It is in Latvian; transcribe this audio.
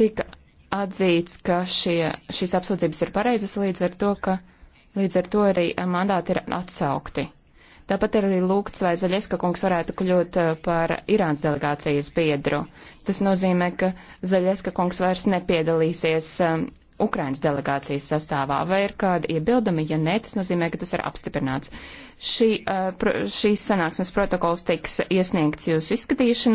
tika atzīts, ka šie, šīs apsūdzības ir pareizas līdz ar to, ka līdz ar to arī mandāti ir atsaukti. Tāpat ir arī lūgts, vai Zaļeska kungs varētu kļūt eh, par Irānas delegācijas biedru. Tas nozīmē, ka Zaļeska kungs vairs nepiedalīsies um, Ukrainas delegācijas sastāvā. Vai ir kādi iebildumi? Ja nē, tas nozīmē, ka tas ir apstiprināts. Šī, uh, pro, šīs sanāksmes protokols tiks iesniegts jūsu izskatīšanai.